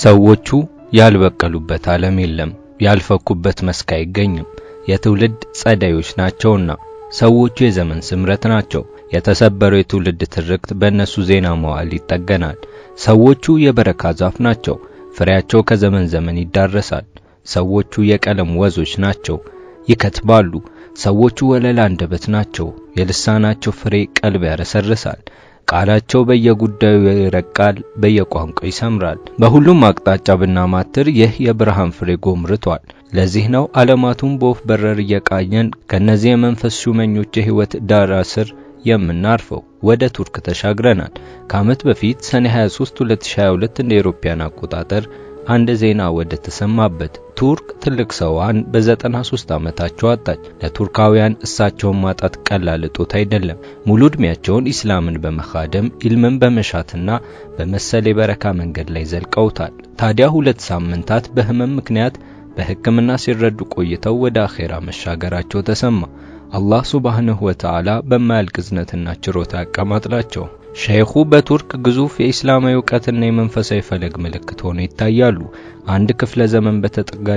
ሰዎቹ ያልበቀሉበት ዓለም የለም፣ ያልፈኩበት መስክ አይገኝም። የትውልድ ጸዳዮች ናቸውና ሰዎቹ የዘመን ስምረት ናቸው። የተሰበረው የትውልድ ትርክት በእነሱ ዜና መዋል ይጠገናል። ሰዎቹ የበረካ ዛፍ ናቸው፣ ፍሬያቸው ከዘመን ዘመን ይዳረሳል። ሰዎቹ የቀለም ወዞች ናቸው፣ ይከትባሉ። ሰዎቹ ወለላ አንደበት ናቸው፣ የልሳናቸው ፍሬ ቀልብ ያረሰርሳል። ቃላቸው በየጉዳዩ ይረቃል፣ በየቋንቋ ይሰምራል። በሁሉም አቅጣጫ ብናማትር ይህ የብርሃን ፍሬ ጎምርቷል። ለዚህ ነው ዓለማቱን በወፍ በረር እየቃኘን ከነዚህ የመንፈስ ሹመኞች የህይወት ዳራ ስር የምናርፈው ወደ ቱርክ ተሻግረናል። ከዓመት በፊት ሰኔ 23 2022 እንደ አውሮፓውያን አቆጣጠር አንድ ዜና ወደ ተሰማበት ቱርክ ትልቅ ሰዋን በ93 ዓመታቸው አጣች። ለቱርካውያን እሳቸውን ማጣት ቀላል እጦት አይደለም። ሙሉ ዕድሜያቸውን ኢስላምን በመካደም ኢልምን በመሻትና በመሰል የበረካ መንገድ ላይ ዘልቀውታል። ታዲያ ሁለት ሳምንታት በህመም ምክንያት በሕክምና ሲረዱ ቆይተው ወደ አኼራ መሻገራቸው ተሰማ። አላህ ሱብሃነሁ ወተዓላ በማያልቅ እዝነትና ችሮታ ያቀማጥላቸው። ሸይኹ በቱርክ ግዙፍ የኢስላማዊ እውቀትና የመንፈሳዊ ፈለግ ምልክት ሆነው ይታያሉ። አንድ ክፍለ ዘመን በተጠጋ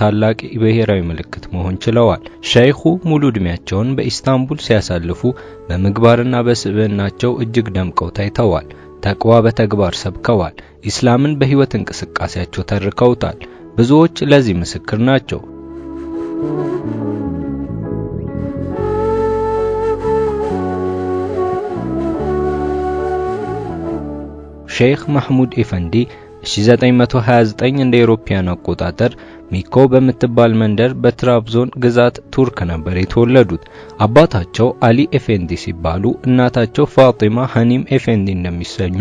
ታላቅ ብሔራዊ ምልክት መሆን ችለዋል። ሸይኹ ሙሉ ዕድሜያቸውን በኢስታንቡል ሲያሳልፉ በምግባርና በስብዕናቸው እጅግ ደምቀው ታይተዋል። ተቅዋ በተግባር ሰብከዋል። ኢስላምን በሕይወት እንቅስቃሴያቸው ተርከውታል። ብዙዎች ለዚህ ምስክር ናቸው። ሼክ ማህሙድ ኤፈንዲ 1929 እንደ ኤሮፓያን አቆጣጠር ሚኮ በምትባል መንደር በትራብዞን ግዛት ቱርክ ነበር የተወለዱት። አባታቸው አሊ ኤፌንዲ ሲባሉ እናታቸው ፋጢማ ሐኒም ኤፌንዲ እንደሚሰኙ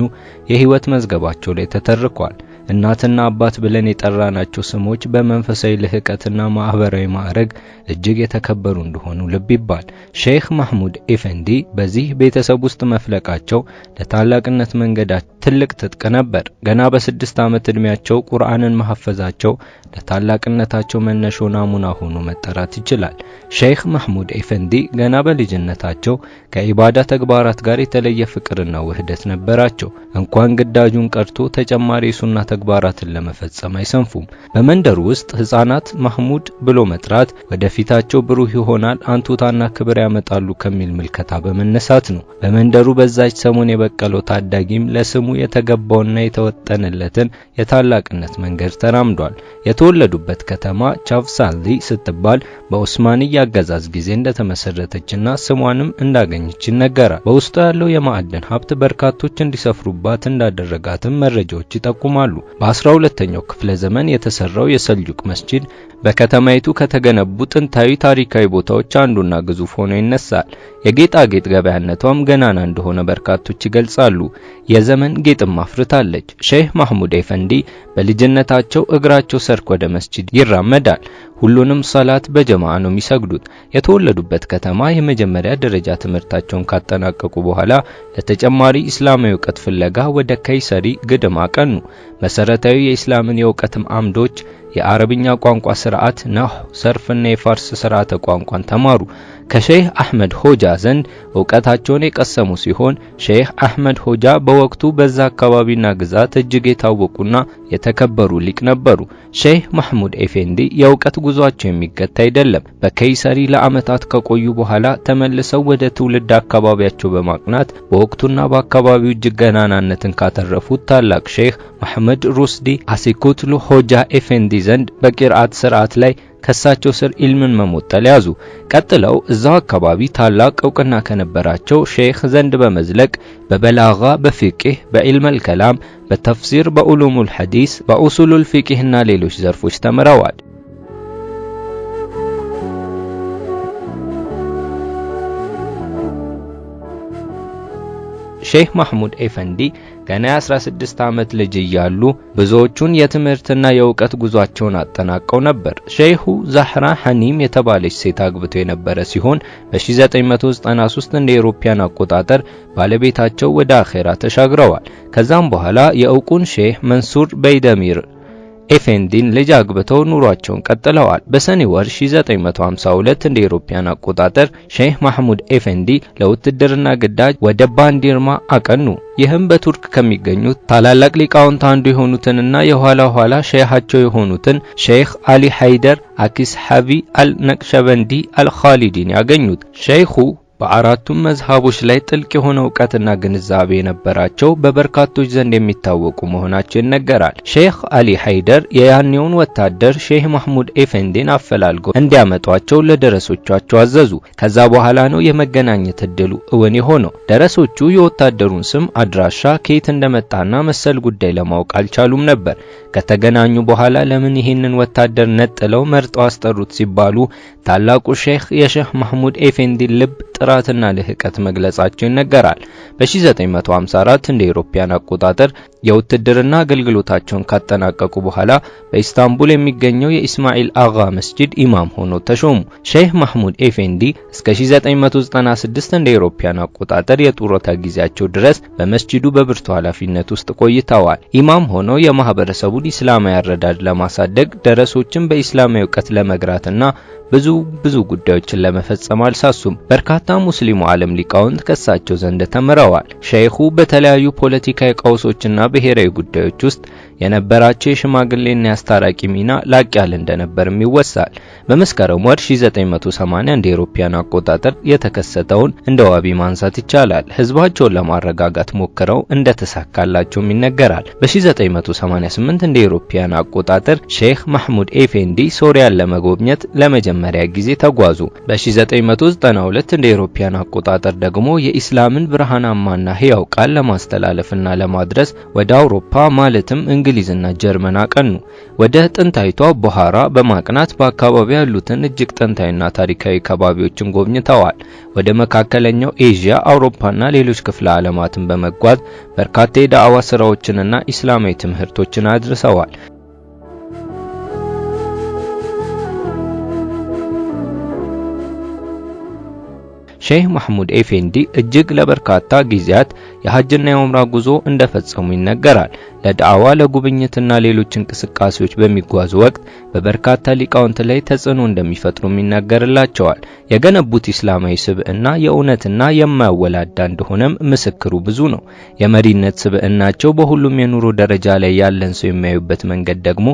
የህይወት መዝገባቸው ላይ ተተርኳል። እናትና አባት ብለን የጠራናቸው ስሞች በመንፈሳዊ ልህቀትና ማህበራዊ ማዕረግ እጅግ የተከበሩ እንደሆኑ ልብ ይባል። ሼክ ማህሙድ ኤፈንዲ በዚህ ቤተሰብ ውስጥ መፍለቃቸው ለታላቅነት መንገዳቸው ትልቅ ትጥቅ ነበር። ገና በስድስት ዓመት ዕድሜያቸው ቁርአንን መሐፈዛቸው ለታላቅነታቸው መነሾ ናሙና ሆኖ መጠራት ይችላል። ሼይኽ መሐሙድ ኤፈንዲ ገና በልጅነታቸው ከኢባዳ ተግባራት ጋር የተለየ ፍቅርና ውህደት ነበራቸው። እንኳን ግዳጁን ቀርቶ ተጨማሪ የሱና ተግባራትን ለመፈጸም አይሰንፉም። በመንደሩ ውስጥ ሕፃናት ማህሙድ ብሎ መጥራት ወደፊታቸው ብሩህ ይሆናል፣ አንቱታና ክብር ያመጣሉ ከሚል ምልከታ በመነሳት ነው። በመንደሩ በዛች ሰሞን የበቀለው ታዳጊም ለስሙ የተገባውና የተወጠነለትን የታላቅነት መንገድ ተራምዷል። የተወለዱበት ከተማ ቻፍሳሊ ስትባል በኦስማንያ አገዛዝ ጊዜ እንደተመሰረተችና ስሟንም እንዳገኘች ይነገራል። በውስጡ ያለው የማዕድን ሀብት በርካቶች እንዲሰፍሩባት እንዳደረጋትም መረጃዎች ይጠቁማሉ። በ12ኛው ክፍለ ዘመን የተሰራው የሰልጁቅ መስጂድ በከተማይቱ ከተገነቡ ጥንታዊ ታሪካዊ ቦታዎች አንዱና ግዙፍ ሆኖ ይነሳል። የጌጣጌጥ ገበያነቷም ገናና እንደሆነ በርካቶች ይገልጻሉ። የዘመን ጌጥም አፍርታለች። ሼህ ማህሙድ ኤፈንዲ በልጅነታቸው እግራቸው ሰርክ ወደ መስጂድ ይራመዳል። ሁሉንም ሰላት በጀማዓ ነው የሚሰግዱት። የተወለዱበት ከተማ የመጀመሪያ ደረጃ ትምህርታቸውን ካጠናቀቁ በኋላ ለተጨማሪ እስላማዊ እውቀት ፍለጋ ወደ ከይሰሪ ግድም አቀኑ። መሰረታዊ የእስላምን የእውቀትም አምዶች የአረብኛ ቋንቋ ስርዓት፣ ነህው፣ ሰርፍና የፋርስ ስርዓተ ቋንቋን ተማሩ። ከሼህ አህመድ ሆጃ ዘንድ እውቀታቸውን የቀሰሙ ሲሆን ሼህ አህመድ ሆጃ በወቅቱ በዛ አካባቢና ግዛት እጅግ የታወቁና የተከበሩ ሊቅ ነበሩ። ሼህ ማህሙድ ኤፌንዲ የእውቀት ጉዟቸው የሚገታ አይደለም። በከይሰሪ ለዓመታት ከቆዩ በኋላ ተመልሰው ወደ ትውልድ አካባቢያቸው በማቅናት በወቅቱና በአካባቢው እጅግ ገናናነትን ካተረፉት ታላቅ ሼህ መሐመድ ሩስዲ አሲኩትሉ ሆጃ ኤፌንዲ ዘንድ በቂርአት ስርዓት ላይ ከሳቸው ስር ኢልምን መሞጠል ያዙ። ቀጥለው እዛው አካባቢ ታላቅ እውቅና ከነበራቸው ሼህ ዘንድ በመዝለቅ በበላጋ፣ በፊቅህ፣ በኢልመል ከላም፣ በተፍሲር፣ በኡሉሙል ሐዲስ፣ በኡሱሉል እና ሌሎች ዘርፎች ተምረዋል። ሼህ ማህሙድ ኤፈንዲ ገና 16 ዓመት ልጅ እያሉ ብዙዎቹን የትምህርትና የእውቀት ጉዟቸውን አጠናቀው ነበር። ሼሁ ዛህራ ሐኒም የተባለች ሴት አግብቶ የነበረ ሲሆን በ1993 እንደ ኤሮፓያን አቆጣጠር ባለቤታቸው ወደ አኼራ ተሻግረዋል። ከዛም በኋላ የእውቁን ሼህ መንሱር በይደሚር ኤፌንዲን ልጅ አግብተው ኑሯቸውን ቀጥለዋል። በሰኔ ወር 1952 እንደ ኢሮፓያን አቆጣጠር ሼህ ማህሙድ ኤፌንዲ ለውትድርና ግዳጅ ወደ ባንዲርማ አቀኑ። ይህም በቱርክ ከሚገኙት ታላላቅ ሊቃውንት አንዱ የሆኑትንና የኋላ ኋላ ሼሃቸው የሆኑትን ሼህ አሊ ሃይደር አኪስሐቢ አልነቅሸበንዲ አልኻሊዲን ያገኙት ሼሁ በአራቱም መዝሃቦች ላይ ጥልቅ የሆነ እውቀትና ግንዛቤ የነበራቸው በበርካቶች ዘንድ የሚታወቁ መሆናቸው ይነገራል። ሼህ አሊ ሀይደር የያኔውን ወታደር ሼህ ማህሙድ ኤፌንዲን አፈላልገው እንዲያመጧቸው ለደረሶቻቸው አዘዙ። ከዛ በኋላ ነው የመገናኘት እድሉ እውን የሆነው። ደረሶቹ የወታደሩን ስም፣ አድራሻ፣ ከየት እንደመጣና መሰል ጉዳይ ለማወቅ አልቻሉም ነበር። ከተገናኙ በኋላ ለምን ይህንን ወታደር ነጥለው መርጠው አስጠሩት ሲባሉ ታላቁ ሼህ የሼህ ማህሙድ ኤፌንዲን ልብ ጥራትና ልህቀት መግለጻቸው ይነገራል። በ1954 እንደ አውሮፓውያን አቆጣጠር የውትድርና አገልግሎታቸውን ካጠናቀቁ በኋላ በኢስታንቡል የሚገኘው የኢስማኤል አጋ መስጂድ ኢማም ሆኖ ተሾሙ። ሼህ ማህሙድ ኤፌንዲ እስከ 1996 እንደ አውሮፓውያን አቆጣጠር የጡረታ ጊዜያቸው ድረስ በመስጂዱ በብርቱ ኃላፊነት ውስጥ ቆይተዋል። ኢማም ሆነው የማህበረሰቡን ኢስላማዊ አረዳድ ለማሳደግ ደረሶችን በኢስላማዊ እውቀት ለመግራትና ብዙ ብዙ ጉዳዮችን ለመፈጸም አልሳሱም። በርካታ ሙስሊሙ ዓለም ሊቃውንት ከሳቸው ዘንድ ተምረዋል። ሼኹ በተለያዩ ፖለቲካዊ ቀውሶችና ብሔራዊ ጉዳዮች ውስጥ የነበራቸው የሽማግሌና የአስታራቂ ሚና ላቅ ያለ እንደነበርም ይወሳል። በመስከረም ወር 1980 እንደ አውሮፓውያን አቆጣጠር የተከሰተውን እንደ ዋቢ ማንሳት ይቻላል። ህዝባቸውን ለማረጋጋት ሞክረው እንደተሳካላቸውም ይነገራል። በ1988 እንደ አውሮፓውያን አቆጣጠር ሼክ ማህሙድ ኤፌንዲ ሶሪያን ለመጎብኘት ለመጀመሪያ ጊዜ ተጓዙ። በ1992 እንደ አውሮፓውያን አቆጣጠር ደግሞ የኢስላምን ብርሃናማና ህያው ቃል ለማስተላለፍና ለማድረስ ወደ አውሮፓ ማለትም እንግሊዝና ጀርመን አቀኑ። ወደ ጥንታይቷ ቦሃራ በማቅናት በአካባቢ ያሉትን እጅግ ጥንታዊና ታሪካዊ ከባቢዎችን ጎብኝተዋል። ወደ መካከለኛው ኤዥያ፣ አውሮፓና ሌሎች ክፍለ ዓለማትን በመጓዝ በርካታ የዳዕዋ ስራዎችንና ኢስላማዊ ትምህርቶችን አድርሰዋል። ሼህ መሐሙድ ኤፌንዲ እጅግ ለበርካታ ጊዜያት የሐጅና የዑምራ ጉዞ እንደፈጸሙ ይነገራል። ለዳዋ ለጉብኝትና ሌሎች እንቅስቃሴዎች በሚጓዙ ወቅት በበርካታ ሊቃውንት ላይ ተጽዕኖ እንደሚፈጥሩ ይናገርላቸዋል። የገነቡት ኢስላማዊ ስብዕና የእውነትና የማያወላዳ እንደሆነም ምስክሩ ብዙ ነው። የመሪነት ስብዕናቸው በሁሉም የኑሮ ደረጃ ላይ ያለን ሰው የሚያዩበት መንገድ ደግሞ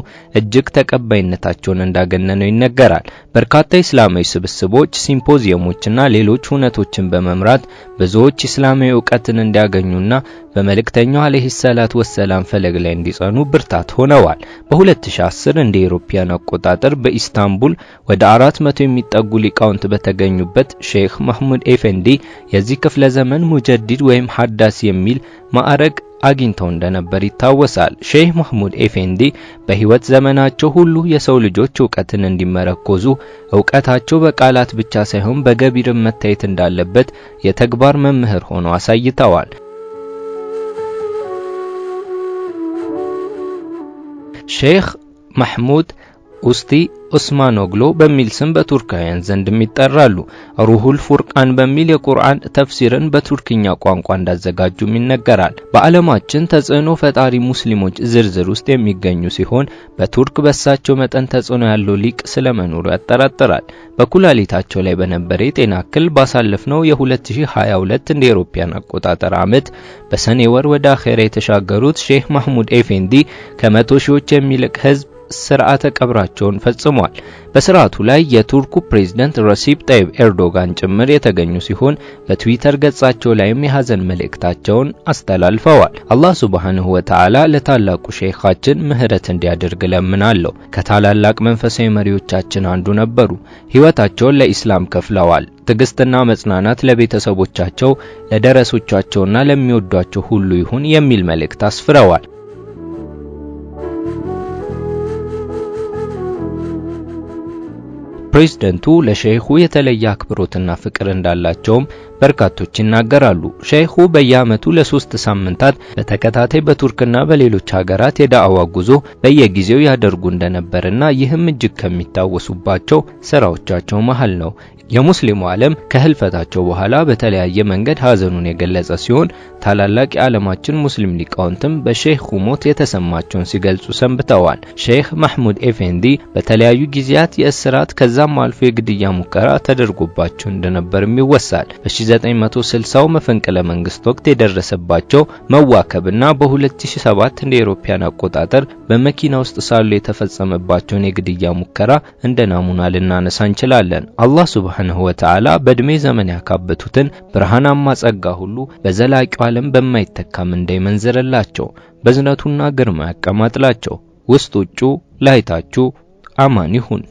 እጅግ ተቀባይነታቸውን እንዳገነነው ይነገራል። በርካታ ኢስላማዊ ስብስቦች፣ ሲምፖዚየሞችና ሌሎች እውነቶችን በመምራት ብዙዎች ኢስላማዊ እውቀትን እንዲያገኙና በመልእክተኛው አለይሂ ሰላት ወሰላም ፈለግ ላይ እንዲጸኑ ብርታት ሆነዋል። በ2010 እንደ ኢሮፓያን አቆጣጠር በኢስታንቡል ወደ 400 የሚጠጉ ሊቃውንት በተገኙበት ሼክ መህሙድ ኤፈንዲ የዚህ ክፍለ ዘመን ሙጀዲድ ወይም ሐዳስ የሚል ማዕረግ አግኝተው እንደነበር ይታወሳል። ሼህ መህሙድ ኤፌንዲ በህይወት ዘመናቸው ሁሉ የሰው ልጆች እውቀትን እንዲመረኮዙ እውቀታቸው በቃላት ብቻ ሳይሆን በገቢርም መታየት እንዳለበት የተግባር መምህር ሆኖ አሳይተዋል። شيخ محمود أستي ኡስማኖግሎ በሚል ስም በቱርካውያን ዘንድም ይጠራሉ። ሩሁል ፉርቃን በሚል የቁርአን ተፍሲርን በቱርክኛ ቋንቋ እንዳዘጋጁም ይነገራል። በዓለማችን ተጽዕኖ ፈጣሪ ሙስሊሞች ዝርዝር ውስጥ የሚገኙ ሲሆን በቱርክ በሳቸው መጠን ተጽዕኖ ያለው ሊቅ ስለመኖሩ ያጠራጥራል። በኩላሊታቸው ላይ በነበረ የጤና እክል ባሳለፍነው የ2022 እንደ አውሮፓውያን አቆጣጠር ዓመት በሰኔ ወር ወደ አኼራ የተሻገሩት ሼህ ማህሙድ ኤፌንዲ ከመቶ ሺዎች የሚልቅ ህዝብ ስርዓተ ቀብራቸውን ፈጽመዋል። በስርዓቱ ላይ የቱርኩ ፕሬዝዳንት ረሲፕ ጣይብ ኤርዶጋን ጭምር የተገኙ ሲሆን በትዊተር ገጻቸው ላይም የሐዘን መልእክታቸውን አስተላልፈዋል። አላህ ሱብሃነሁ ወተዓላ ለታላቁ ሼኻችን ምህረት እንዲያደርግ ለምናለሁ። ከታላላቅ መንፈሳዊ መሪዎቻችን አንዱ ነበሩ። ሕይወታቸውን ለኢስላም ከፍለዋል። ትዕግስትና መጽናናት ለቤተሰቦቻቸው፣ ለደረሶቻቸውና ለሚወዷቸው ሁሉ ይሁን የሚል መልእክት አስፍረዋል። ፕሬዝደንቱ ለሼሁ የተለየ አክብሮትና ፍቅር እንዳላቸውም በርካቶች ይናገራሉ። ሸይኹ በየዓመቱ ለሶስት ሳምንታት በተከታታይ በቱርክና በሌሎች ሀገራት የዳዕዋ ጉዞ በየጊዜው ያደርጉ እንደነበርና ይህም እጅግ ከሚታወሱባቸው ስራዎቻቸው መሃል ነው። የሙስሊሙ ዓለም ከህልፈታቸው በኋላ በተለያየ መንገድ ሀዘኑን የገለጸ ሲሆን ታላላቅ የዓለማችን ሙስሊም ሊቃውንትም በሼህ ሞት የተሰማቸውን ሲገልጹ ሰንብተዋል። ሼህ ማህሙድ ኤፌንዲ በተለያዩ ጊዜያት የእስራት ከዛም አልፎ የግድያ ሙከራ ተደርጎባቸው እንደነበርም ይወሳል። በ1960 መፈንቅለ መንግስት ወቅት የደረሰባቸው መዋከብና በ2007 እንደ ኤሮፓያን አቆጣጠር በመኪና ውስጥ ሳሉ የተፈጸመባቸውን የግድያ ሙከራ እንደ ናሙና ልናነሳ እንችላለን። አላህ ሱብሐነሁ ወተዓላ በእድሜ ዘመን ያካበቱትን ብርሃናማ ጸጋ ሁሉ በዘላቂው ዓለም በማይተካም ምንዳ በዝነቱና ግርማ ያቀማጥላቸው። ውስጥ ውጩ ላይታችሁ አማን ይሁን።